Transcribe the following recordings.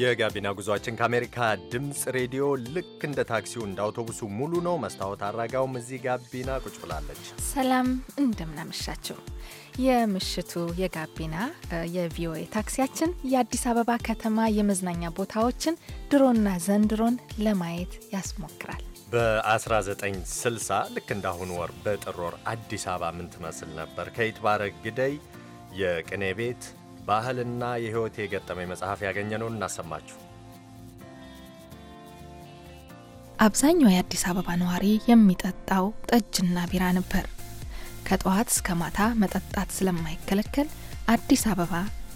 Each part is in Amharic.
የጋቢና ጉዟችን ከአሜሪካ ድምፅ ሬዲዮ ልክ እንደ ታክሲው እንደ አውቶቡሱ ሙሉ ነው። መስታወት አራጋውም እዚህ ጋቢና ቁጭ ብላለች። ሰላም እንደምናመሻቸው። የምሽቱ የጋቢና የቪኦኤ ታክሲያችን የአዲስ አበባ ከተማ የመዝናኛ ቦታዎችን ድሮና ዘንድሮን ለማየት ያስሞክራል። በ1960 ልክ እንዳሁኑ ወር በጥር ወር አዲስ አበባ ምን ትመስል ነበር? ከይትባረክ ግደይ የቅኔ ቤት ባህልና የህይወት የገጠመኝ መጽሐፍ ያገኘ ነው እናሰማችሁ። አብዛኛው የአዲስ አበባ ነዋሪ የሚጠጣው ጠጅና ቢራ ነበር። ከጠዋት እስከ ማታ መጠጣት ስለማይከለከል አዲስ አበባ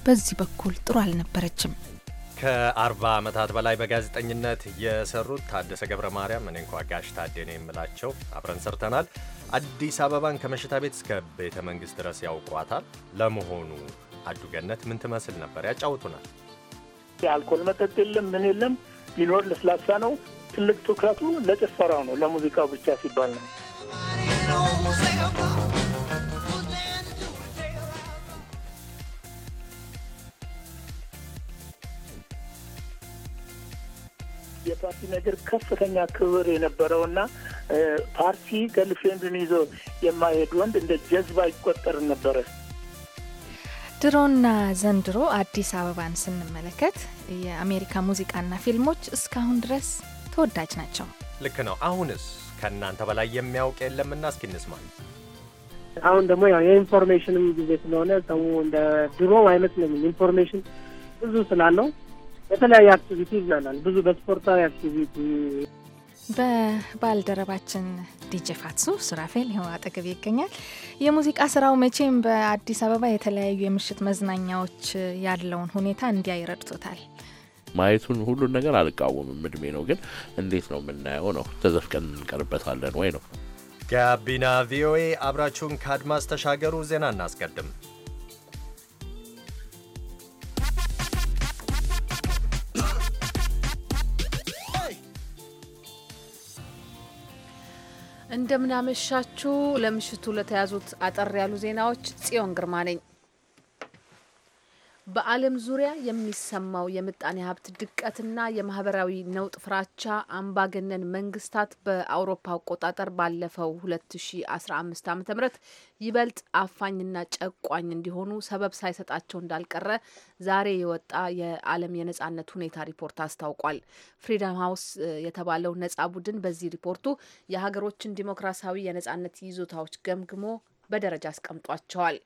በዚህ በኩል ጥሩ አልነበረችም። ከአርባ ዓመታት በላይ በጋዜጠኝነት የሰሩት ታደሰ ገብረ ማርያም እኔ እንኳ ጋሽ ታዴ ነው የምላቸው አብረን ሰርተናል። አዲስ አበባን ከመሸታ ቤት እስከ ቤተ መንግሥት ድረስ ያውቋታል። ለመሆኑ አዱገነት ምን ትመስል ነበር? ያጫውቱናል። የአልኮል መጠጥ የለም፣ ምን የለም። ቢኖር ለስላሳ ነው። ትልቅ ትኩረቱ ለጭፈራው ነው፣ ለሙዚቃው ብቻ ሲባል ነው። የፓርቲ ነገር ከፍተኛ ክብር የነበረው እና ፓርቲ ገልፍሬንዱን ይዞ የማይሄድ ወንድ እንደ ጀዝባ ይቆጠር ነበረ። ድሮና ዘንድሮ አዲስ አበባን ስንመለከት የአሜሪካ ሙዚቃና ፊልሞች እስካሁን ድረስ ተወዳጅ ናቸው። ልክ ነው። አሁንስ ከእናንተ በላይ የሚያውቅ የለምና እስኪ እንስማ። አሁን ደግሞ ያው የኢንፎርሜሽንም ጊዜ ስለሆነ ሰው እንደ ድሮ አይመስለኝም። ኢንፎርሜሽን ብዙ ስላለው የተለያዩ አክቲቪቲ ይዝናናል። ብዙ በስፖርታዊ አክቲቪቲ በባልደረባችን ዲጄ ፋትሱ ሱራፌል ይኸው አጠገብ ይገኛል። የሙዚቃ ስራው መቼም በአዲስ አበባ የተለያዩ የምሽት መዝናኛዎች ያለውን ሁኔታ እንዲያ ይረድቶታል። ማየቱን ሁሉን ነገር አልቃወምም። እድሜ ነው ግን እንዴት ነው የምናየው ነው ተዘፍቀን እንቀርበታለን ወይ ነው። ጋቢና ቪኦኤ አብራችሁን ከአድማስ ተሻገሩ። ዜና እናስቀድም። እንደምናመሻችሁ። ለምሽቱ ለተያዙት አጠር ያሉ ዜናዎች ጽዮን ግርማ ነኝ። በዓለም ዙሪያ የሚሰማው የምጣኔ ሀብት ድቀትና የማህበራዊ ነውጥ ፍራቻ አምባገነን መንግስታት በአውሮፓ አቆጣጠር ባለፈው 2015 ዓ ም ይበልጥ አፋኝና ጨቋኝ እንዲሆኑ ሰበብ ሳይሰጣቸው እንዳልቀረ ዛሬ የወጣ የዓለም የነጻነት ሁኔታ ሪፖርት አስታውቋል። ፍሪደም ሀውስ የተባለው ነጻ ቡድን በዚህ ሪፖርቱ የሀገሮችን ዲሞክራሲያዊ የነጻነት ይዞታዎች ገምግሞ በደረጃ አስቀምጧቸዋል።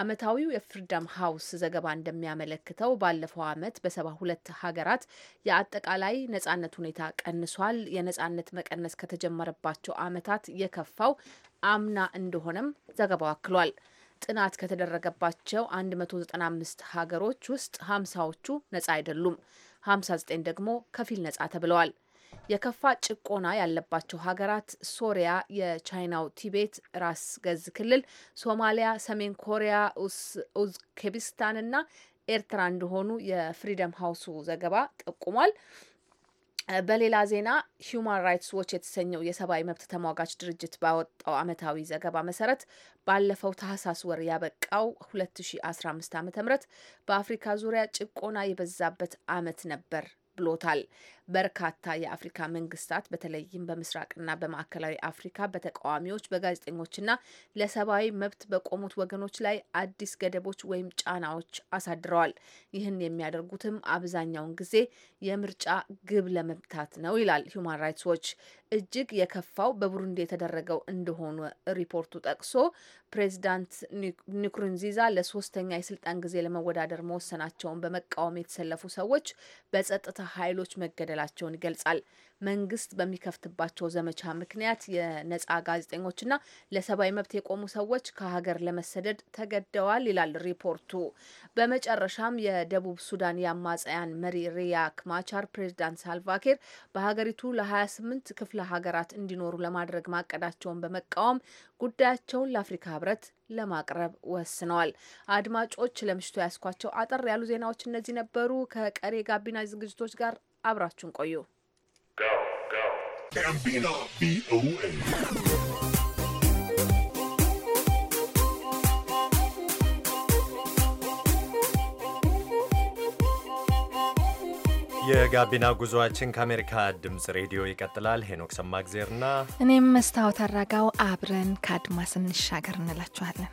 አመታዊው የፍሪደም ሀውስ ዘገባ እንደሚያመለክተው ባለፈው አመት በሰባ ሁለት ሀገራት የአጠቃላይ ነጻነት ሁኔታ ቀንሷል። የነጻነት መቀነስ ከተጀመረባቸው አመታት የከፋው አምና እንደሆነም ዘገባው አክሏል። ጥናት ከተደረገባቸው 195 ሀገሮች ውስጥ ሀምሳዎቹ ዎቹ ነጻ አይደሉም፣ 59 ደግሞ ከፊል ነጻ ተብለዋል። የከፋ ጭቆና ያለባቸው ሀገራት ሶሪያ፣ የቻይናው ቲቤት ራስ ገዝ ክልል፣ ሶማሊያ፣ ሰሜን ኮሪያ፣ ኡዝኬቢስታን እና ኤርትራ እንደሆኑ የፍሪደም ሀውሱ ዘገባ ጠቁሟል። በሌላ ዜና ሂዩማን ራይትስ ዎች የተሰኘው የሰብአዊ መብት ተሟጋች ድርጅት ባወጣው ዓመታዊ ዘገባ መሰረት ባለፈው ታህሳስ ወር ያበቃው 2015 ዓ ም በአፍሪካ ዙሪያ ጭቆና የበዛበት አመት ነበር ብሎታል። በርካታ የአፍሪካ መንግስታት በተለይም በምስራቅና በማዕከላዊ አፍሪካ በተቃዋሚዎች በጋዜጠኞችና ለሰብአዊ መብት በቆሙት ወገኖች ላይ አዲስ ገደቦች ወይም ጫናዎች አሳድረዋል። ይህን የሚያደርጉትም አብዛኛውን ጊዜ የምርጫ ግብ ለመምታት ነው ይላል ሁማን ራይትስ ዎች። እጅግ የከፋው በቡሩንዲ የተደረገው እንደሆነ ሪፖርቱ ጠቅሶ ፕሬዚዳንት ኒኩሩንዚዛ ለሶስተኛ የስልጣን ጊዜ ለመወዳደር መወሰናቸውን በመቃወም የተሰለፉ ሰዎች በጸጥታ ኃይሎች መገደል መገደላቸውን ይገልጻል። መንግስት በሚከፍትባቸው ዘመቻ ምክንያት የነጻ ጋዜጠኞችና ለሰብአዊ መብት የቆሙ ሰዎች ከሀገር ለመሰደድ ተገደዋል ይላል ሪፖርቱ። በመጨረሻም የደቡብ ሱዳን የአማጽያን መሪ ሪያክ ማቻር ፕሬዚዳንት ሳልቫኪር በሀገሪቱ ለ28 ክፍለ ሀገራት እንዲኖሩ ለማድረግ ማቀዳቸውን በመቃወም ጉዳያቸውን ለአፍሪካ ህብረት ለማቅረብ ወስነዋል። አድማጮች ለምሽቱ ያስኳቸው አጠር ያሉ ዜናዎች እነዚህ ነበሩ። ከቀሬ ጋቢና ዝግጅቶች ጋር አብራችሁን ቆዩ። የጋቢና ጉዞአችን ከአሜሪካ ድምፅ ሬዲዮ ይቀጥላል። ሄኖክ ሰማግዜርና እኔም መስታወት አራጋው አብረን ከአድማስ እንሻገር እንላችኋለን።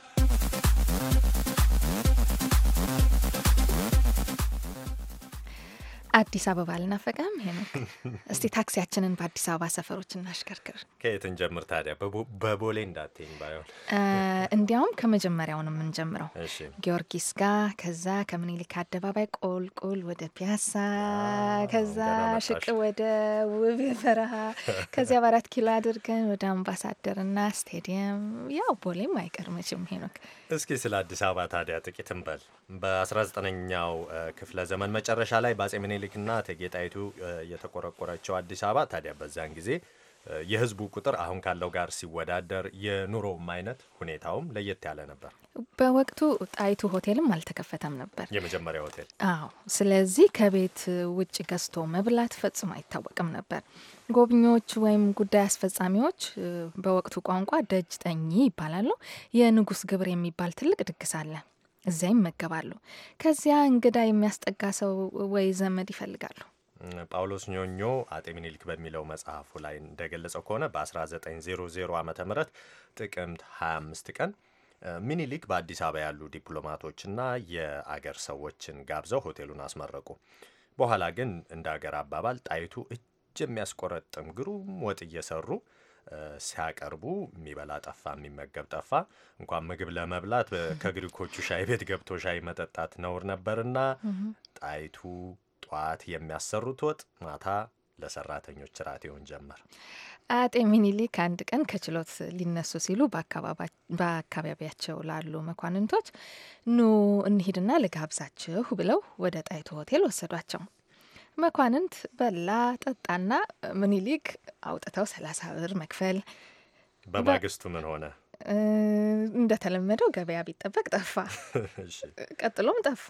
አዲስ አበባ አልናፈቀም? ሄኖክ እስቲ ታክሲያችንን በአዲስ አበባ ሰፈሮች እናሽከርክር። ከየትን ጀምር ታዲያ? በቦሌ እንዳትኝ ባይሆን እንዲያውም ከመጀመሪያውን የምንጀምረው ጊዮርጊስ ጋር፣ ከዛ ከምኒልክ አደባባይ ቆልቆል ወደ ፒያሳ፣ ከዛ ሽቅ ወደ ውብ በረሃ፣ ከዚያ በአራት ኪሎ አድርገን ወደ አምባሳደርና ስቴዲየም። ያው ቦሌም አይቀር ሄኖክ። እስኪ ስለ አዲስ አበባ ታዲያ ጥቂት እንበል። በ19ኛው ክፍለ ዘመን መጨረሻ ላይ በአጼ ምኒልክ ታሪክና ተጌጣይቱ የተቆረቆረቸው የተቆረቆረችው አዲስ አበባ ታዲያ በዚያን ጊዜ የህዝቡ ቁጥር አሁን ካለው ጋር ሲወዳደር የኑሮውም አይነት ሁኔታውም ለየት ያለ ነበር። በወቅቱ ጣይቱ ሆቴልም አልተከፈተም ነበር፣ የመጀመሪያ ሆቴል። አዎ። ስለዚህ ከቤት ውጭ ገዝቶ መብላት ፈጽሞ አይታወቅም ነበር። ጎብኚዎች ወይም ጉዳይ አስፈጻሚዎች በወቅቱ ቋንቋ ደጅ ጠኚ ይባላሉ። የንጉስ ግብር የሚባል ትልቅ ድግስ አለ። እዚያ ይመገባሉ። ከዚያ እንግዳ የሚያስጠጋ ሰው ወይ ዘመድ ይፈልጋሉ። ጳውሎስ ኞኞ አጤ ሚኒሊክ በሚለው መጽሐፉ ላይ እንደገለጸው ከሆነ በ1900 ዓ ም ጥቅምት 25 ቀን ሚኒሊክ በአዲስ አበባ ያሉ ዲፕሎማቶችና የአገር ሰዎችን ጋብዘው ሆቴሉን አስመረቁ። በኋላ ግን እንደ አገር አባባል ጣይቱ እጅ የሚያስቆረጥም ግሩም ወጥ እየሰሩ ሲያቀርቡ የሚበላ ጠፋ፣ የሚመገብ ጠፋ። እንኳን ምግብ ለመብላት ከግሪኮቹ ሻይ ቤት ገብቶ ሻይ መጠጣት ነውር ነበርና ጣይቱ ጠዋት የሚያሰሩት ወጥ ማታ ለሰራተኞች ራት ይሆን ጀመር። አጤ ሚኒሊክ አንድ ቀን ከችሎት ሊነሱ ሲሉ በአካባቢያቸው ላሉ መኳንንቶች ኑ እንሂድና ልጋብዛችሁ ብለው ወደ ጣይቱ ሆቴል ወሰዷቸው። መኳንንት በላ ጠጣና ምኒልክ አውጥተው ሰላሳ ብር መክፈል። በማግስቱ ምን ሆነ? እንደተለመደው ገበያ ቢጠበቅ ጠፋ። ቀጥሎም ጠፋ።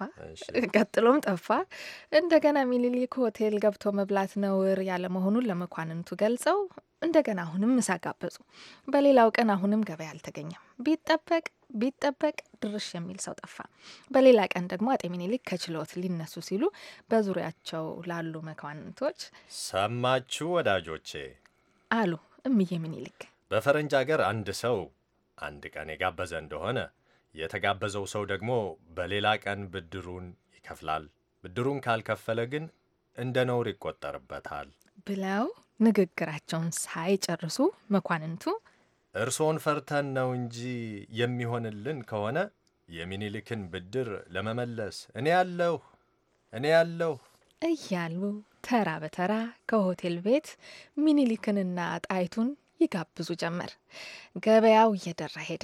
ቀጥሎም ጠፋ። እንደገና ሚኒሊክ ሆቴል ገብቶ መብላት ነውር ያለመሆኑን ለመኳንንቱ ገልጸው እንደገና አሁንም ምሳ ጋበዙ። በሌላው ቀን አሁንም ገበያ አልተገኘም። ቢጠበቅ ቢጠበቅ ድርሽ የሚል ሰው ጠፋ። በሌላ ቀን ደግሞ አጤ ሚኒሊክ ከችሎት ሊነሱ ሲሉ በዙሪያቸው ላሉ መኳንንቶች ሰማችሁ ወዳጆቼ አሉ እምዬ ሚኒሊክ። በፈረንጅ አገር አንድ ሰው አንድ ቀን የጋበዘ እንደሆነ የተጋበዘው ሰው ደግሞ በሌላ ቀን ብድሩን ይከፍላል። ብድሩን ካልከፈለ ግን እንደ ነውር ይቆጠርበታል ብለው ንግግራቸውን ሳይጨርሱ መኳንንቱ እርሶን ፈርተን ነው እንጂ የሚሆንልን ከሆነ የሚኒሊክን ብድር ለመመለስ እኔ ያለሁ እኔ ያለሁ እያሉ ተራ በተራ ከሆቴል ቤት ሚኒሊክንና ጣይቱን ይጋብዙ ጀመር። ገበያው እየደራ ሄደ።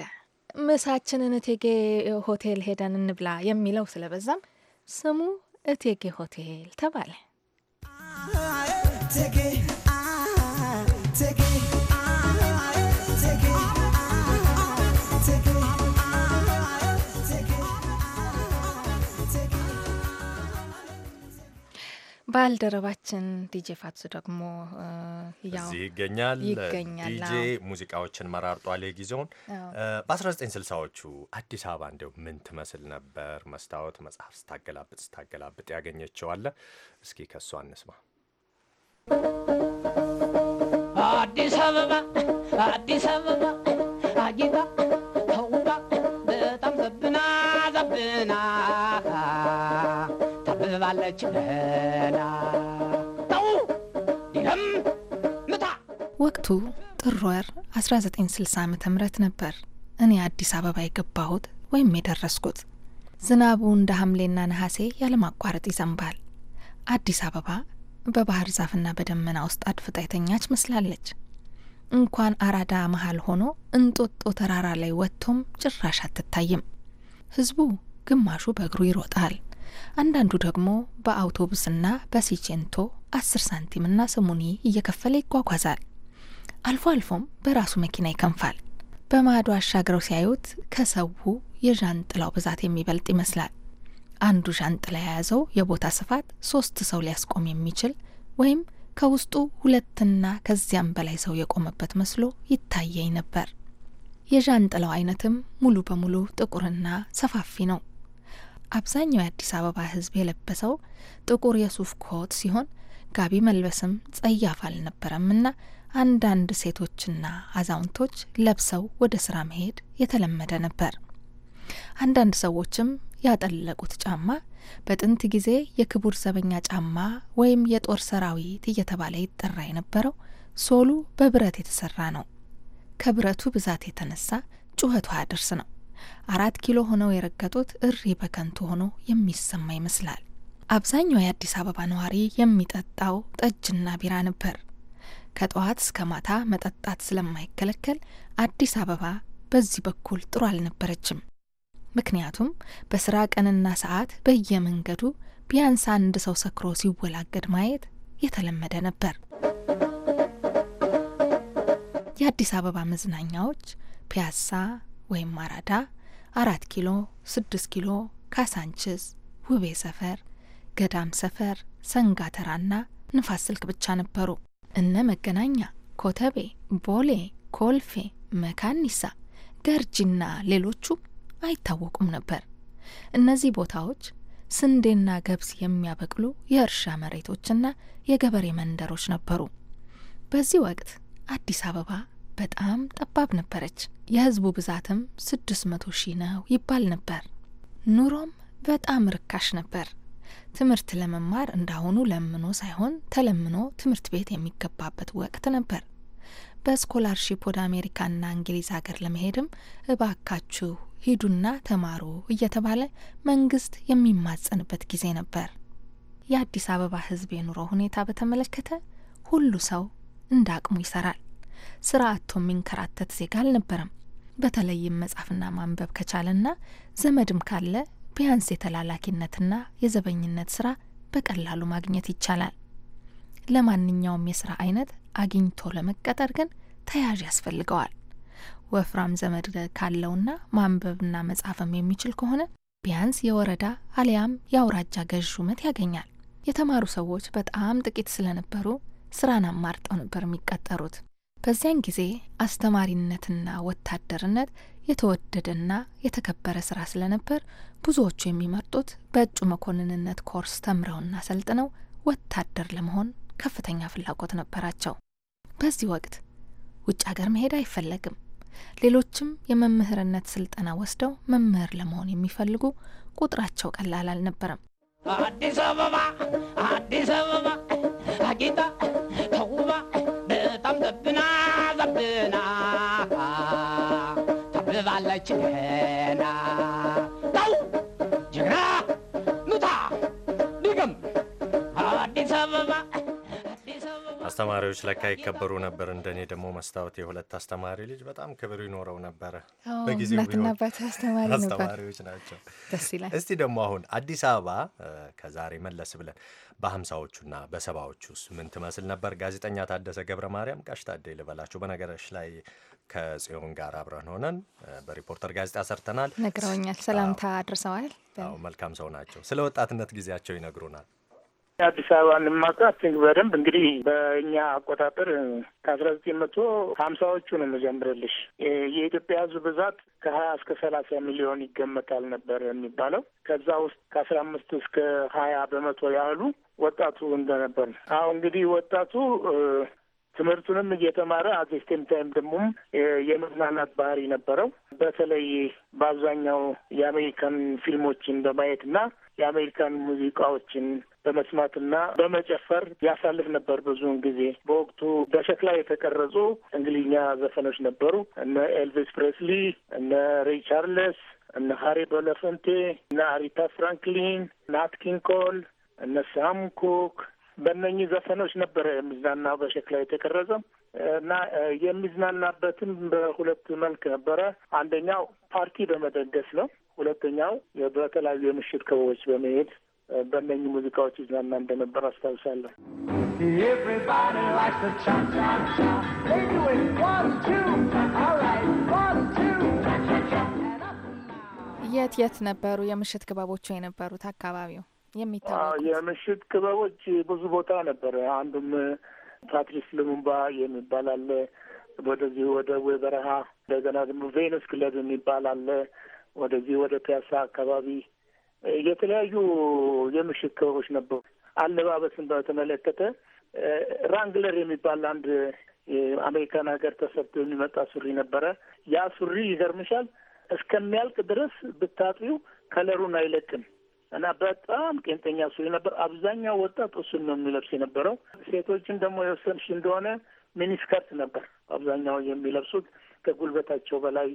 ምሳችንን እቴጌ ሆቴል ሄደን እንብላ የሚለው ስለበዛም ስሙ እቴጌ ሆቴል ተባለ። ባልደረባችን ዲጄ ፋትሱ ደግሞ እዚህ ይገኛል ይገኛል። ዲጄ ሙዚቃዎችን መራርጧል የጊዜውን። በ1960ዎቹ አዲስ አበባ እንዲያው ምን ትመስል ነበር? መስታወት መጽሐፍ ስታገላብጥ ስታገላብጥ ያገኘችዋለ። እስኪ ከሱ አንስማ። አዲስ አበባ አዲስ አበባ አጊጣ ዲለም ምታ። ወቅቱ ጥር ወር 1960 ዓ ም ነበር እኔ አዲስ አበባ የገባሁት ወይም የደረስኩት። ዝናቡ እንደ ሐምሌና ነሐሴ ያለማቋረጥ ይዘንባል። አዲስ አበባ በባህር ዛፍና በደመና ውስጥ አድፍጣ የተኛች መስላለች። እንኳን አራዳ መሀል ሆኖ እንጦጦ ተራራ ላይ ወጥቶም ጭራሽ አትታይም። ህዝቡ ግማሹ በእግሩ ይሮጣል። አንዳንዱ ደግሞ በአውቶቡስና በሲቼንቶ አስር ሳንቲምና ስሙኒ እየከፈለ ይጓጓዛል። አልፎ አልፎም በራሱ መኪና ይከንፋል። በማዶ አሻግረው ሲያዩት ከሰው የዣንጥላው ብዛት የሚበልጥ ይመስላል። አንዱ ዣንጥላ የያዘው የቦታ ስፋት ሶስት ሰው ሊያስቆም የሚችል ወይም ከውስጡ ሁለትና ከዚያም በላይ ሰው የቆመበት መስሎ ይታየኝ ነበር። የዣንጥላው አይነትም ሙሉ በሙሉ ጥቁርና ሰፋፊ ነው። አብዛኛው የአዲስ አበባ ህዝብ የለበሰው ጥቁር የሱፍ ኮት ሲሆን ጋቢ መልበስም ጸያፍ እና አንዳንድ ሴቶችና አዛውንቶች ለብሰው ወደ ስራ መሄድ የተለመደ ነበር። አንዳንድ ሰዎችም ያጠለቁት ጫማ በጥንት ጊዜ የክቡር ዘበኛ ጫማ ወይም የጦር ሰራዊት እየተባለ ይጠራ የነበረው ሶሉ በብረት የተሰራ ነው። ከብረቱ ብዛት የተነሳ ጩኸቱ አያደርስ ነው። አራት ኪሎ ሆነው የረገጡት እሪ በከንቱ ሆኖ የሚሰማ ይመስላል። አብዛኛው የአዲስ አበባ ነዋሪ የሚጠጣው ጠጅና ቢራ ነበር። ከጠዋት እስከ ማታ መጠጣት ስለማይከለከል አዲስ አበባ በዚህ በኩል ጥሩ አልነበረችም። ምክንያቱም በስራ ቀንና ሰዓት በየመንገዱ ቢያንስ አንድ ሰው ሰክሮ ሲወላገድ ማየት የተለመደ ነበር። የአዲስ አበባ መዝናኛዎች ፒያሳ፣ ወይም አራዳ፣ አራት ኪሎ፣ ስድስት ኪሎ፣ ካሳንችስ፣ ውቤ ሰፈር፣ ገዳም ሰፈር፣ ሰንጋተራና ንፋስ ስልክ ብቻ ነበሩ። እነ መገናኛ፣ ኮተቤ፣ ቦሌ፣ ኮልፌ፣ መካኒሳ፣ ገርጂና ሌሎቹ አይታወቁም ነበር። እነዚህ ቦታዎች ስንዴና ገብስ የሚያበቅሉ የእርሻ መሬቶችና የገበሬ መንደሮች ነበሩ። በዚህ ወቅት አዲስ አበባ በጣም ጠባብ ነበረች። የህዝቡ ብዛትም ስድስት መቶ ሺህ ነው ይባል ነበር። ኑሮም በጣም ርካሽ ነበር። ትምህርት ለመማር እንዳሁኑ ለምኖ ሳይሆን ተለምኖ ትምህርት ቤት የሚገባበት ወቅት ነበር። በስኮላርሺፕ ወደ አሜሪካና እንግሊዝ ሀገር ለመሄድም እባካችሁ ሂዱና ተማሩ እየተባለ መንግስት የሚማጸንበት ጊዜ ነበር። የአዲስ አበባ ህዝብ የኑሮ ሁኔታ በተመለከተ ሁሉ ሰው እንደ አቅሙ ይሰራል። ስራ አቶ የሚንከራተት ዜጋ አልነበረም። በተለይም መጻፍና ማንበብ ከቻለና ዘመድም ካለ ቢያንስ የተላላኪነትና የዘበኝነት ስራ በቀላሉ ማግኘት ይቻላል። ለማንኛውም የስራ አይነት አግኝቶ ለመቀጠር ግን ተያዥ ያስፈልገዋል። ወፍራም ዘመድ ካለውና ማንበብና መጻፍም የሚችል ከሆነ ቢያንስ የወረዳ አሊያም የአውራጃ ገዥ ሹመት ያገኛል። የተማሩ ሰዎች በጣም ጥቂት ስለነበሩ ስራን አማርጠው ነበር የሚቀጠሩት። በዚያን ጊዜ አስተማሪነትና ወታደርነት የተወደደና የተከበረ ስራ ስለነበር ብዙዎቹ የሚመርጡት በእጩ መኮንንነት ኮርስ ተምረውና ሰልጥነው ወታደር ለመሆን ከፍተኛ ፍላጎት ነበራቸው። በዚህ ወቅት ውጭ ሀገር መሄድ አይፈለግም። ሌሎችም የመምህርነት ስልጠና ወስደው መምህር ለመሆን የሚፈልጉ ቁጥራቸው ቀላል አልነበረም። አዲስ አበባ አዲስ አበባ hè አስተማሪዎች ለካ ይከበሩ ነበር። እንደኔ ደግሞ መስታወት የሁለት አስተማሪ ልጅ በጣም ክብር ይኖረው ነበረ። በጊዜው አስተማሪዎች ናቸው። ደስ ይላል። እስቲ ደግሞ አሁን አዲስ አበባ ከዛሬ መለስ ብለን በሀምሳዎቹና በሰባዎቹ ውስጥ ምን ትመስል ነበር? ጋዜጠኛ ታደሰ ገብረ ማርያም ጋሽ ታዴ ልበላችሁ። በነገሮች ላይ ከጽዮን ጋር አብረን ሆነን በሪፖርተር ጋዜጣ ሰርተናል። ነግረውኛል። ሰላምታ አድርሰዋል። መልካም ሰው ናቸው። ስለ ወጣትነት ጊዜያቸው ይነግሩናል። አዲስ አበባን ማቃትንግ በደንብ እንግዲህ በእኛ አቆጣጠር ከአስራ ዘጠኝ መቶ ሀምሳዎቹ ነው መጀምርልሽ የኢትዮጵያ ሕዝብ ብዛት ከሀያ እስከ ሰላሳ ሚሊዮን ይገመታል ነበር የሚባለው። ከዛ ውስጥ ከአስራ አምስት እስከ ሀያ በመቶ ያህሉ ወጣቱ እንደነበር ነው። አሁ እንግዲህ ወጣቱ ትምህርቱንም እየተማረ አዜስቴም ታይም ደግሞ የመዝናናት ባህሪ ነበረው። በተለይ በአብዛኛው የአሜሪካን ፊልሞችን በማየትና የአሜሪካን ሙዚቃዎችን በመስማትና በመጨፈር ያሳልፍ ነበር። ብዙውን ጊዜ በወቅቱ በሸክላ የተቀረጹ እንግሊዝኛ ዘፈኖች ነበሩ። እነ ኤልቪስ ፕሬስሊ፣ እነ ሬይ ቻርለስ፣ እነ ሀሪ በለፈንቴ፣ እነ አሪታ ፍራንክሊን፣ ናት ኪንግ ኮል፣ እነ ሳም ኩክ በእነኚህ ዘፈኖች ነበረ የሚዝናናው በሸክላ የተቀረጸ እና የሚዝናናበትም በሁለት መልክ ነበረ። አንደኛው ፓርቲ በመደገስ ነው። ሁለተኛው በተለያዩ የምሽት ክበቦች በመሄድ በእነኚህ ሙዚቃዎች ይዝናና እንደነበር አስታውሳለሁ። የት የት ነበሩ የምሽት ክበቦቹ የነበሩት አካባቢው? የሚታወቁ የምሽት ክበቦች ብዙ ቦታ ነበረ። አንዱም ፓትሪስ ልሙምባ የሚባል አለ። ወደዚህ ወደ ወይ በረሃ እንደገና ደግሞ ቬኑስ ክለብ የሚባል አለ። ወደዚህ ወደ ፒያሳ አካባቢ የተለያዩ የምሽት ክበቦች ነበሩ። አለባበስን በተመለከተ ራንግለር የሚባል አንድ የአሜሪካን ሀገር ተሰርቶ የሚመጣ ሱሪ ነበረ። ያ ሱሪ ይገርምሻል እስከሚያልቅ ድረስ ብታጥቢው ከለሩን አይለቅም። እና በጣም ቄንጠኛ እሱ ነበር። አብዛኛው ወጣት እሱን ነው የሚለብስ የነበረው። ሴቶችን ደግሞ የወሰንሽ እንደሆነ ሚኒስከርት ነበር አብዛኛው የሚለብሱት። ከጉልበታቸው በላይ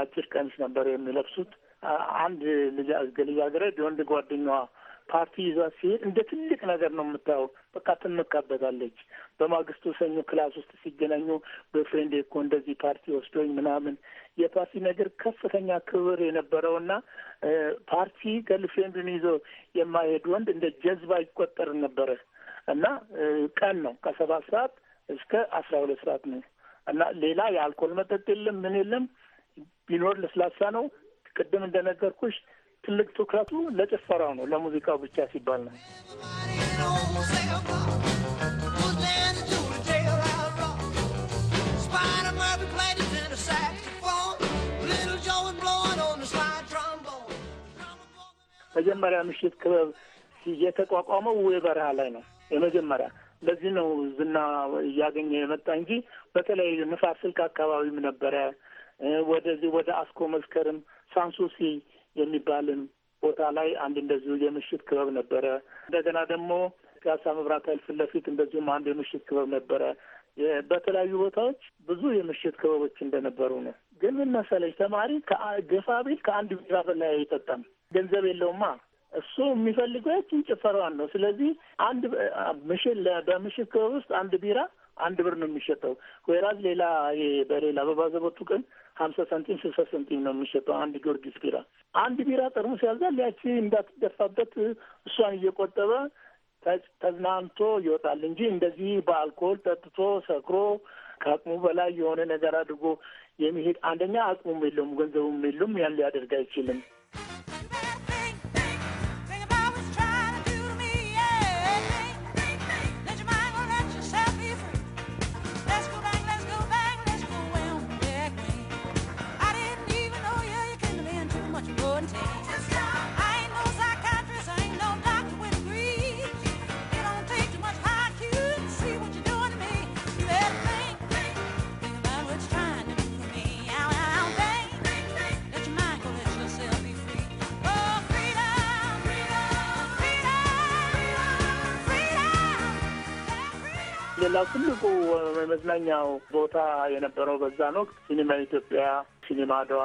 አጭር ቀሚስ ነበር የሚለብሱት። አንድ ልጃገረድ የወንድ ጓደኛዋ ፓርቲ ይዟት ሲሄድ እንደ ትልቅ ነገር ነው የምታየው። በቃ ትመካበታለች። በማግስቱ ሰኞ ክላስ ውስጥ ሲገናኙ በፍሬንድ እኮ እንደዚህ ፓርቲ ወስዶኝ ምናምን የፓርቲ ነገር ከፍተኛ ክብር የነበረውና ፓርቲ ገልፍሬንዱን ይዞ የማይሄድ ወንድ እንደ ጀዝባ ይቆጠር ነበረ እና ቀን ነው ከሰባት ሰዓት እስከ አስራ ሁለት ሰዓት ነው እና ሌላ የአልኮል መጠጥ የለም ምን የለም ቢኖር ለስላሳ ነው። ቅድም እንደነገርኩሽ ትልቅ ትኩረቱ ለጭፈራው ነው፣ ለሙዚቃው ብቻ ሲባል ነው። መጀመሪያ ምሽት ክበብ የተቋቋመው ውቤ በረሃ ላይ ነው የመጀመሪያ። ለዚህ ነው ዝና እያገኘ የመጣ እንጂ በተለይ ንፋስ ስልክ አካባቢም ነበረ። ወደዚህ ወደ አስኮ መስከርም፣ ሳንሱሲ የሚባልን ቦታ ላይ አንድ እንደዚሁ የምሽት ክበብ ነበረ። እንደገና ደግሞ ፒያሳ መብራት ኃይል ፊት ለፊት እንደዚሁም አንድ የምሽት ክበብ ነበረ። በተለያዩ ቦታዎች ብዙ የምሽት ክበቦች እንደነበሩ ነው። ግን ምን መሰለሽ ተማሪ ገፋ ቢል ከአንድ ቢራ በላይ አይጠጣም። ገንዘብ የለውማ። እሱ የሚፈልገው ያችን ጭፈራዋን ነው። ስለዚህ አንድ ምሽል በምሽት ክበብ ውስጥ አንድ ቢራ አንድ ብር ነው የሚሸጠው። ወይራዝ ሌላ በሌላ በባዘቦቱ ቀን ሀምሳ ሳንቲም ስልሳ ሳንቲም ነው የሚሸጠው አንድ ጊዮርጊስ ቢራ። አንድ ቢራ ጠርሙስ ያዛል። ያቺ እንዳትደፋበት እሷን እየቆጠበ ተዝናንቶ ይወጣል እንጂ እንደዚህ በአልኮል ጠጥቶ ሰክሮ ከአቅሙ በላይ የሆነ ነገር አድርጎ የሚሄድ አንደኛ አቅሙም የለውም ገንዘቡም የለውም። ያን ሊያደርግ አይችልም። ትልቁ መዝናኛው ቦታ የነበረው በዛን ወቅት ሲኒማ ኢትዮጵያ፣ ሲኒማ አድዋ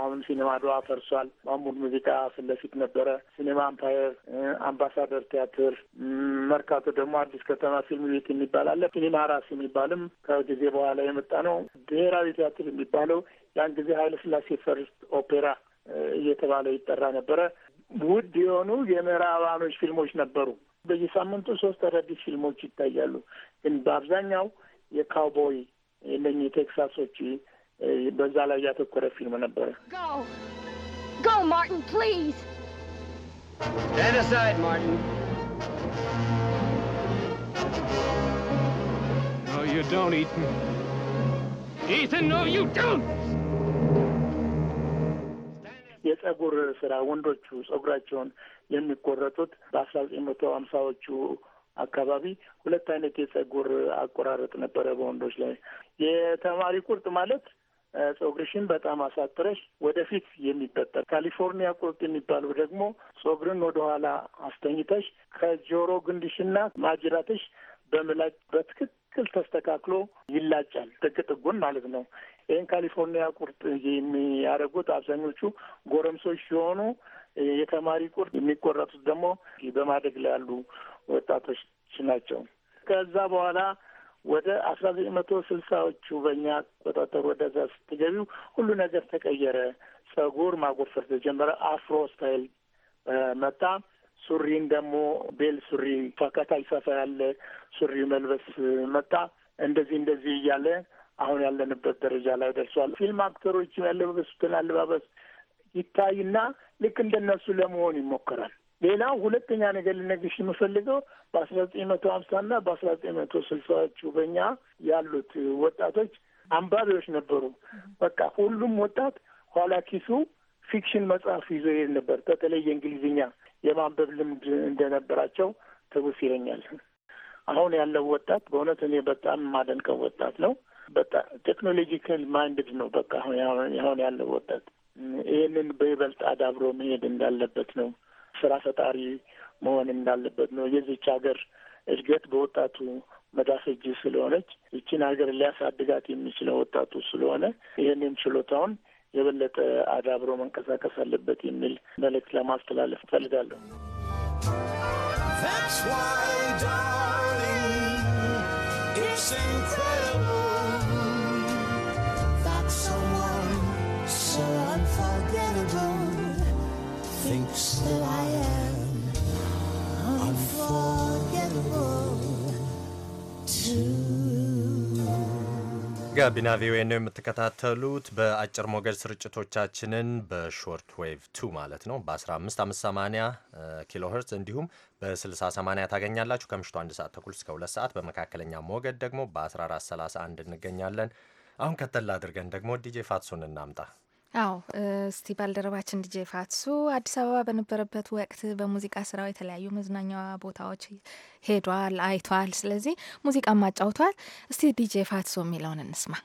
አሁን ሲኒማ አድዋ ፈርሷል። ማሙድ ሙዚቃ ፊት ለፊት ነበረ። ሲኒማ አምፓየር፣ አምባሳደር ቲያትር፣ መርካቶ ደግሞ አዲስ ከተማ ፊልም ቤት የሚባል አለ። ሲኒማ ራስ የሚባልም ከጊዜ በኋላ የመጣ ነው። ብሔራዊ ቲያትር የሚባለው ያን ጊዜ ኃይለ ስላሴ ፈርስት ኦፔራ እየተባለ ይጠራ ነበረ። ውድ የሆኑ የምዕራባኖች ፊልሞች ነበሩ። በየሳምንቱ ሶስት አዳዲስ ፊልሞች ይታያሉ። ግን በአብዛኛው የካውቦይ እነ የቴክሳሶች በዛ ላይ ያተኮረ ፊልም ነበረ። የጸጉር ስራ ወንዶቹ ጸጉራቸውን የሚቆረጡት በአስራ ዘጠኝ መቶ ሀምሳዎቹ አካባቢ ሁለት አይነት የጸጉር አቆራረጥ ነበረ በወንዶች ላይ። የተማሪ ቁርጥ ማለት ጾግርሽን በጣም አሳጥረሽ ወደፊት የሚበጠር፣ ካሊፎርኒያ ቁርጥ የሚባለው ደግሞ ጾግርን ወደኋላ አስተኝተሽ ከጆሮ ግንድሽና ማጅራትሽ በምላጭ በትክክል ተስተካክሎ ይላጫል። ጥግ ጥጉን ማለት ነው። ይህን ካሊፎርኒያ ቁርጥ የሚያደርጉት አብዛኞቹ ጎረምሶች ሲሆኑ የተማሪ ቁርጥ የሚቆረጡት ደግሞ በማደግ ላይ ያሉ ወጣቶች ናቸው። ከዛ በኋላ ወደ አስራ ዘጠኝ መቶ ስልሳዎቹ በእኛ አቆጣጠር ወደዛ ስትገቢው ሁሉ ነገር ተቀየረ። ጸጉር ማጎፈር ተጀመረ። አፍሮ ስታይል መጣ። ሱሪን ደግሞ ቤል ሱሪ ከታች ሰፋ ያለ ሱሪ መልበስ መጣ። እንደዚህ እንደዚህ እያለ አሁን ያለንበት ደረጃ ላይ ደርሷል። ፊልም አክተሮች ያለበሱትን አለባበስ ይታይና ልክ እንደነሱ ለመሆን ይሞከራል። ሌላው ሁለተኛ ነገር ልነግርሽ የምፈልገው በአስራ ዘጠኝ መቶ ሀምሳ እና በአስራ ዘጠኝ መቶ ስልሳዎቹ በእኛ ያሉት ወጣቶች አንባቢዎች ነበሩ። በቃ ሁሉም ወጣት ኋላ ኪሱ ፊክሽን መጽሐፍ ይዞ ይሄድ ነበር። በተለይ የእንግሊዝኛ የማንበብ ልምድ እንደነበራቸው ትጉስ ይለኛል። አሁን ያለው ወጣት በእውነት እኔ በጣም የማደንቀው ወጣት ነው። በጣም ቴክኖሎጂካል ማይንድድ ነው። በቃ አሁን ያለው ወጣት ይህንን በይበልጥ አዳብሮ መሄድ እንዳለበት ነው። ስራ ፈጣሪ መሆን እንዳለበት ነው። የዚች ሀገር እድገት በወጣቱ መዳፍ እጅ ስለሆነች ይችን ሀገር ሊያሳድጋት የሚችለው ወጣቱ ስለሆነ ይህንን ችሎታውን የበለጠ አዳብሮ መንቀሳቀስ አለበት የሚል መልእክት ለማስተላለፍ እፈልጋለሁ። That's why, darling, it's incredible. ጋቢና ቪኦኤ ነው የምትከታተሉት። በአጭር ሞገድ ስርጭቶቻችንን በሾርት ዌቭ ቱ ማለት ነው በ15580 ኪሎ ሄርዝ እንዲሁም በ6080 ታገኛላችሁ። ከምሽቱ አንድ ሰዓት ተኩል እስከ ሁለት ሰዓት በመካከለኛ ሞገድ ደግሞ በ1431 እንገኛለን። አሁን ከተላ አድርገን ደግሞ ዲጄ ፋትሱን እናምጣ። አዎ እስቲ ባልደረባችን ዲጄ ፋትሱ አዲስ አበባ በነበረበት ወቅት በሙዚቃ ስራው የተለያዩ መዝናኛ ቦታዎች ሄዷል፣ አይቷል። ስለዚህ ሙዚቃም አጫውቷል። እስቲ ዲጄ ፋትሱ የሚለውን እንስማ።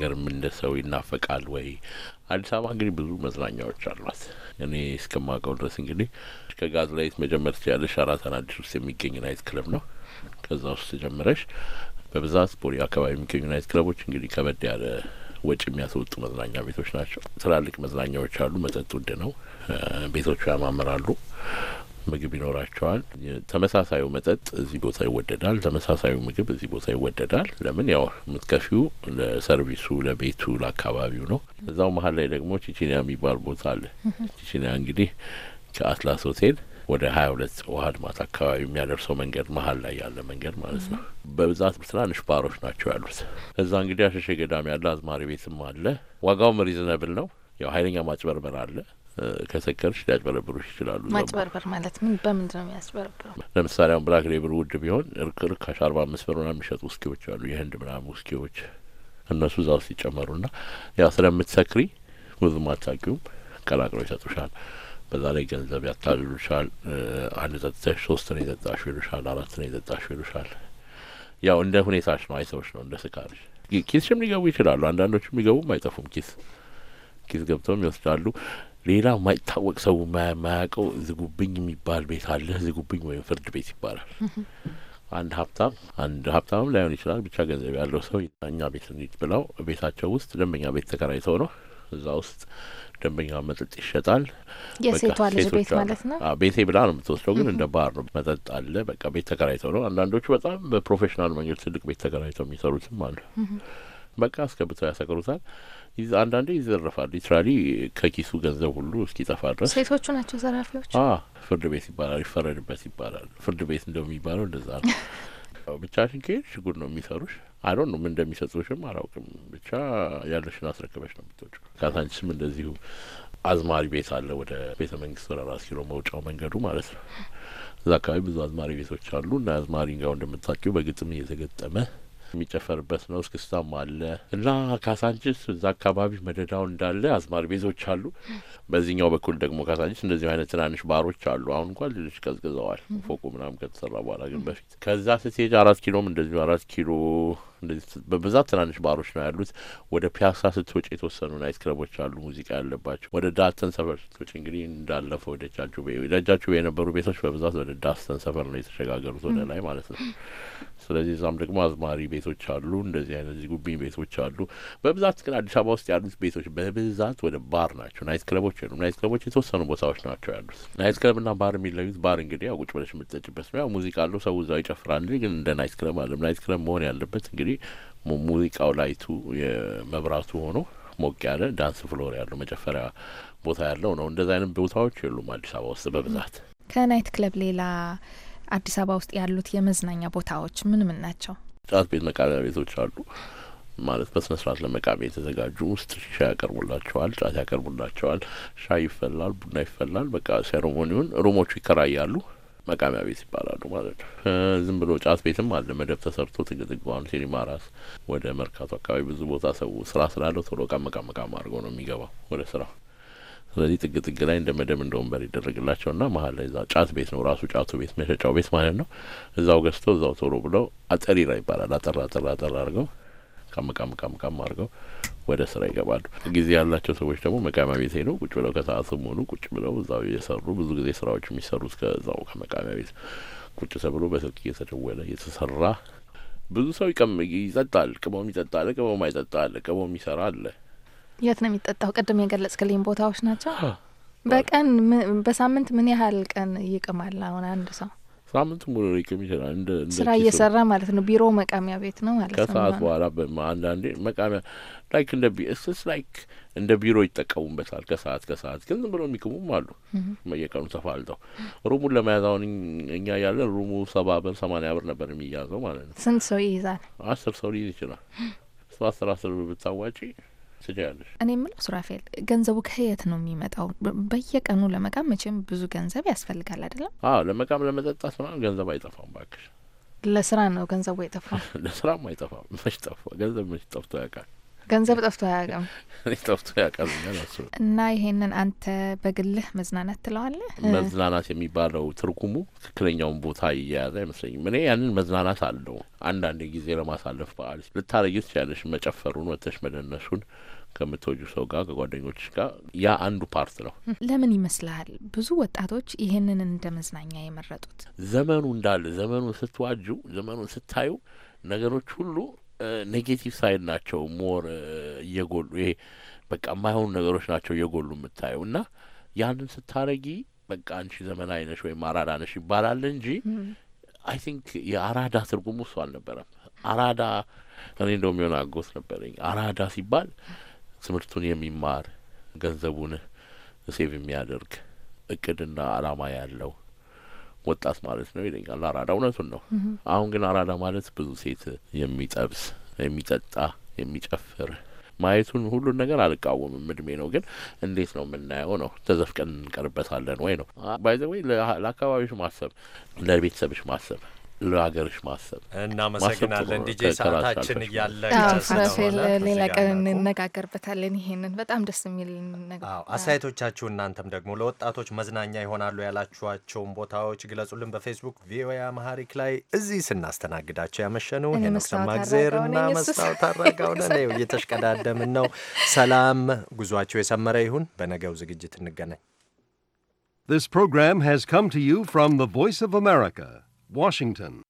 ሀገርም እንደ ሰው ይናፈቃል ወይ? አዲስ አበባ እንግዲህ ብዙ መዝናኛዎች አሏት። እኔ እስከማውቀው ድረስ እንግዲህ ከጋዝ ላይት መጀመር ትችያለሽ። አራተን አዲስ ውስጥ የሚገኝ ናይት ክለብ ነው። ከዛ ውስጥ ጀምረሽ በብዛት ቦሌ አካባቢ የሚገኙ ናይት ክለቦች እንግዲህ ከበድ ያለ ወጪ የሚያስወጡ መዝናኛ ቤቶች ናቸው። ትላልቅ መዝናኛዎች አሉ። መጠጥ ውድ ነው። ቤቶቹ ያማምራሉ። ምግብ ይኖራቸዋል። ተመሳሳዩ መጠጥ እዚህ ቦታ ይወደዳል፣ ተመሳሳዩ ምግብ እዚህ ቦታ ይወደዳል። ለምን ያው የምትከፊው ለሰርቪሱ፣ ለቤቱ፣ ለአካባቢው ነው። እዛው መሀል ላይ ደግሞ ቺቺኒያ የሚባል ቦታ አለ። ቺቺኒያ እንግዲህ ከአትላስ ሆቴል ወደ ሀያ ሁለት ውሃ ልማት አካባቢ የሚያደርሰው መንገድ መሀል ላይ ያለ መንገድ ማለት ነው። በብዛት ትናንሽ ባሮች ናቸው ያሉት። እዛ እንግዲህ አሸሸ ገዳም ያለ አዝማሪ ቤትም አለ። ዋጋውም ሪዝነብል ነው። ያው ሀይለኛ ማጭበርበር አለ ከሰከርሽ ሊያጭበረብሩ ይችላሉ። ማጭበርበር ማለት ምን በምንድ ነው የሚያስበረብረው? ለምሳሌ አሁን ብላክ ሌብል ውድ ቢሆን ርካሽ አርባ አምስት ብር ምናምን የሚሸጡ ውስኪዎች አሉ፣ የህንድ ምናምን ውስኪዎች እነሱ እዛ ውስጥ ይጨመሩ ና ያ ስለምትሰክሪ ብዙም ማታቂውም ቀላቅለው ይሰጡሻል። በዛ ላይ ገንዘብ ያታልሉሻል። አንድ ጠጥተሽ ሶስት ነው የጠጣሽ ይሉሻል፣ አራት ነው የጠጣሽ ይሉሻል። ያው እንደ ሁኔታሽ ነው፣ አይተውሽ ነው እንደ ስካርሽ። ኪስሽም ሊገቡ ይችላሉ። አንዳንዶችም ሊገቡም አይጠፉም። ኪስ ኪስ ገብተውም ይወስዳሉ። ሌላው ማይታወቅ ሰው ማያውቀው ዝጉብኝ የሚባል ቤት አለ። ዝጉብኝ ወይም ፍርድ ቤት ይባላል። አንድ ሀብታም አንድ ሀብታምም ላይሆን ይችላል ብቻ ገንዘብ ያለው ሰው እኛ ቤት እንሂድ ብለው ቤታቸው ውስጥ ደንበኛ ቤት ተከራይተው ነው። እዛ ውስጥ ደንበኛ መጠጥ ይሸጣል። የሴቷ ልጅ ቤት ማለት ነው። ቤቴ ብላ ነው የምትወስደው፣ ግን እንደ ባህር ነው። መጠጥ አለ። በቃ ቤት ተከራይተው ነው። አንዳንዶቹ በጣም በፕሮፌሽናል መንገድ ትልቅ ቤት ተከራይተው የሚሰሩትም አሉ። በቃ አስገብተው ያሰቅሩታል። አንዳንዴ ይዘረፋል። ሊትራሊ ከኪሱ ገንዘብ ሁሉ እስኪጠፋ ድረስ ሴቶቹ ናቸው ዘራፊዎች። ፍርድ ቤት ይባላል፣ ይፈረድበት ይባላል። ፍርድ ቤት እንደሚባለው እንደዛ ነው። ብቻሽን ከሄድሽ ጉድ ነው የሚሰሩሽ። አይዶን ነው ምን እንደሚሰጡሽም አላውቅም። ብቻ ያለሽን አስረክበሽ ነው የምትወጪ። ካሳንቺስም እንደዚሁ አዝማሪ ቤት አለ፣ ወደ ቤተ መንግስት ወደ አራት ኪሎ መውጫው መንገዱ ማለት ነው። እዛ አካባቢ ብዙ አዝማሪ ቤቶች አሉ እና አዝማሪ ጋው እንደምታውቂው በግጥም እየተገጠመ የሚጨፈርበት ነው። እስክስታም አለ እና ካሳንችስ እዛ አካባቢ መደዳው እንዳለ አዝማር ቤዞች አሉ። በዚህኛው በኩል ደግሞ ካሳንቺስ እንደዚህ አይነት ትናንሽ ባሮች አሉ። አሁን እንኳን ሌሎች ቀዝቅዘዋል፣ ፎቁ ምናምን ከተሰራ በኋላ ግን በፊት ከዛ ስትሄጅ አራት ኪሎም እንደዚሁ አራት ኪሎ በብዛት ትናንሽ ባሮች ነው ያሉት። ወደ ፒያሳ ስትወጪ የተወሰኑ ናይት ክለቦች አሉ ሙዚቃ ያለባቸው። ወደ ዳስተን ሰፈር ስትወጪ እንግዲህ እንዳለፈው ደጃችሁ ደጃችሁ የነበሩ ቤቶች በብዛት ወደ ዳስተን ሰፈር ነው የተሸጋገሩት ወደ ላይ ማለት ነው። ስለዚህ እዛም ደግሞ አዝማሪ ቤቶች አሉ፣ እንደዚህ አይነት ጉቢኝ ቤቶች አሉ። በብዛት ግን አዲስ አበባ ውስጥ ያሉት ቤቶች በብዛት ወደ ባር ናቸው። ናይት ክለቦች አይችሉም። ናይት ክለቦች የተወሰኑ ቦታዎች ናቸው ያሉት። ናይት ና ባር የሚለዩት ባር እንግዲህ ያው ቁጭ ብለሽ የምትጠጭበት ነው። ያው ሙዚቃ አለው፣ ሰው እዛው ይጨፍራል። ግን እንደ ናይት ክለብ አለም። ናይት ክለብ መሆን ያለበት እንግዲህ ሙዚቃው ላይቱ የመብራቱ ሆኖ ሞቅ ያለ ዳንስ ፍሎር ያለው መጨፈሪያ ቦታ ያለው ነው። እንደዚ አይነት ቦታዎች የሉም አዲስ አበባ ውስጥ በብዛት። ከናይት ክለብ ሌላ አዲስ አበባ ውስጥ ያሉት የመዝናኛ ቦታዎች ምን ምን ናቸው? ጫት ቤት፣ መቃለያ ቤቶች አሉ። ማለት በስነ ስርዓት ለመቃሚያ የተዘጋጁ ውስጥ ሻ ያቀርቡላቸዋል፣ ጫት ያቀርቡላቸዋል፣ ሻይ ይፈላል፣ ቡና ይፈላል። በቃ ሴሮሞኒውን ሩሞቹ ይከራያሉ። መቃሚያ ቤት ይባላሉ ማለት ነው። ዝም ብሎ ጫት ቤትም አለ መደብ ተሰርቶ ትግጥጓን ሲኒማ ራስ ወደ መርካቶ አካባቢ ብዙ ቦታ ሰው ስራ ስላለው ቶሎ መቃ አድርገው ነው የሚገባው ወደ ስራው። ስለዚህ ጥግ ጥግ ላይ እንደ መደብ እንደ ወንበር ይደረግላቸው ና መሀል ላይ እዛ ጫት ቤት ነው ራሱ ጫቱ ቤት መሸጫው ቤት ማለት ነው። እዛው ገዝቶ እዛው ቶሎ ብለው አጠሪራ ይባላል አጠራ አጠራ አጠራ አድርገው ቀምቀም ቀምቀም አድርገው ወደ ስራ ይገባሉ። ጊዜ ያላቸው ሰዎች ደግሞ መቃሚያ ቤት ሄደው ቁጭ ብለው ከሰአት ሙሉ ቁጭ ብለው እዛው እየሰሩ ብዙ ጊዜ ስራዎች የሚሰሩት ከዛው ከመቃሚያ ቤት ቁጭ ተብሎ በስልክ እየተደወለ እየተሰራ ብዙ ሰው ይጠጣል። ቅመም ይጠጣል፣ ቅመም አይጠጣል፣ ቅመም ይሰራ አለ። የት ነው የሚጠጣው? ቅድም የገለጽክልኝ ቦታዎች ናቸው። በቀን በሳምንት ምን ያህል ቀን ይቅማል? አሁን አንድ ሰው ሳምንት ሙሉ ሪቅም ይችላል። እንደ ስራ እየሰራ ማለት ነው። ቢሮ መቃሚያ ቤት ነው ማለት ነው። ከሰዓት በኋላ አንዳንዴ መቃሚያ ላይክ እንደ ስስ ላይክ እንደ ቢሮ ይጠቀሙበታል። ከሰዓት ከሰዓት ግን ዝም ብሎ የሚቅሙም አሉ። መየቀኑ ተፋልጠው ሩሙን ለመያዝ አሁን እኛ ያለን ሩሙ ሰባ ብር ሰማንያ ብር ነበር የሚያዘው ማለት ነው። ስንት ሰው ይይዛል? አስር ሰው ሊይዝ ይችላል። እሱ አስር አስር ብር ብታዋጪ ትችላለሽ። እኔ የምለው ሱራፌል፣ ገንዘቡ ከየት ነው የሚመጣው? በየቀኑ ለመቃም መቼም ብዙ ገንዘብ ያስፈልጋል አይደለም? አዎ፣ ለመቃም ለመጠጣት ምናምን ገንዘብ አይጠፋም ባክሽ። ለስራ ነው ገንዘቡ አይጠፋም። ለስራም አይጠፋም። መች ጠፋ ገንዘብ? መች ጠፍቶ ያውቃል? ገንዘብ ጠፍቶ አያውቅም። ጠፍቶ ያውቃልኛል አስ እና ይሄንን አንተ በግልህ መዝናናት ትለዋለህ? መዝናናት የሚባለው ትርጉሙ ትክክለኛውን ቦታ እየያዘ አይመስለኝም። እኔ ያንን መዝናናት አለው አንዳንድ ጊዜ ለማሳለፍ በዓል ልታረጊ ትችያለሽ። መጨፈሩን ወተሽ መደነሱን ከምትወጁ ሰው ጋር ከጓደኞች ጋር ያ አንዱ ፓርት ነው። ለምን ይመስልሃል ብዙ ወጣቶች ይህንን እንደ መዝናኛ የመረጡት? ዘመኑ እንዳለ ዘመኑን ስትዋጁ፣ ዘመኑን ስታዩ ነገሮች ሁሉ ኔጌቲቭ ሳይድ ናቸው ሞር እየጎሉ ይሄ በቃ የማይሆኑ ነገሮች ናቸው እየጎሉ የምታየው እና ያንን ስታረጊ በቃ አንቺ ዘመናዊ ነሽ ወይም አራዳ ነሽ ይባላል እንጂ አይ ቲንክ የአራዳ ትርጉሙ እሱ አልነበረም። አራዳ እኔ እንደውም የሆነ አጎት ነበረኝ። አራዳ ሲባል ትምህርቱን የሚማር ገንዘቡን ሴቭ የሚያደርግ እቅድና አላማ ያለው ወጣት ማለት ነው ይለኛል። አራዳ እውነቱን ነው። አሁን ግን አራዳ ማለት ብዙ ሴት የሚጠብስ የሚጠጣ፣ የሚጨፍር ማየቱን ሁሉን ነገር አልቃወምም። እድሜ ነው ግን እንዴት ነው የምናየው ነው ተዘፍቀን እንቀርበታለን ወይ ነው ባይዘ ወይ ለአካባቢሽ ማሰብ ለቤተሰብሽ ማሰብ ለሀገርሽ ማሰብ። እናመሰግናለን ዲጄ። ሰዓታችን እያለቀ ስለሆነ ሌላ ቀን እንነጋገርበታለን። ይሄንን በጣም ደስ የሚል አስተያየቶቻችሁ፣ እናንተም ደግሞ ለወጣቶች መዝናኛ ይሆናሉ ያላችኋቸውን ቦታዎች ግለጹልን። በፌስቡክ ቪኦኤ አማሃሪክ ላይ እዚህ ስናስተናግዳቸው ያመሸነው ሄኖክ ሰማእግዜር እና መስታወት አረጋው እየተሽቀዳደምን ነው። ሰላም፣ ጉዟቸው የሰመረ ይሁን። በነገው ዝግጅት እንገናኝ። This program has come to you from the Voice of America, Washington.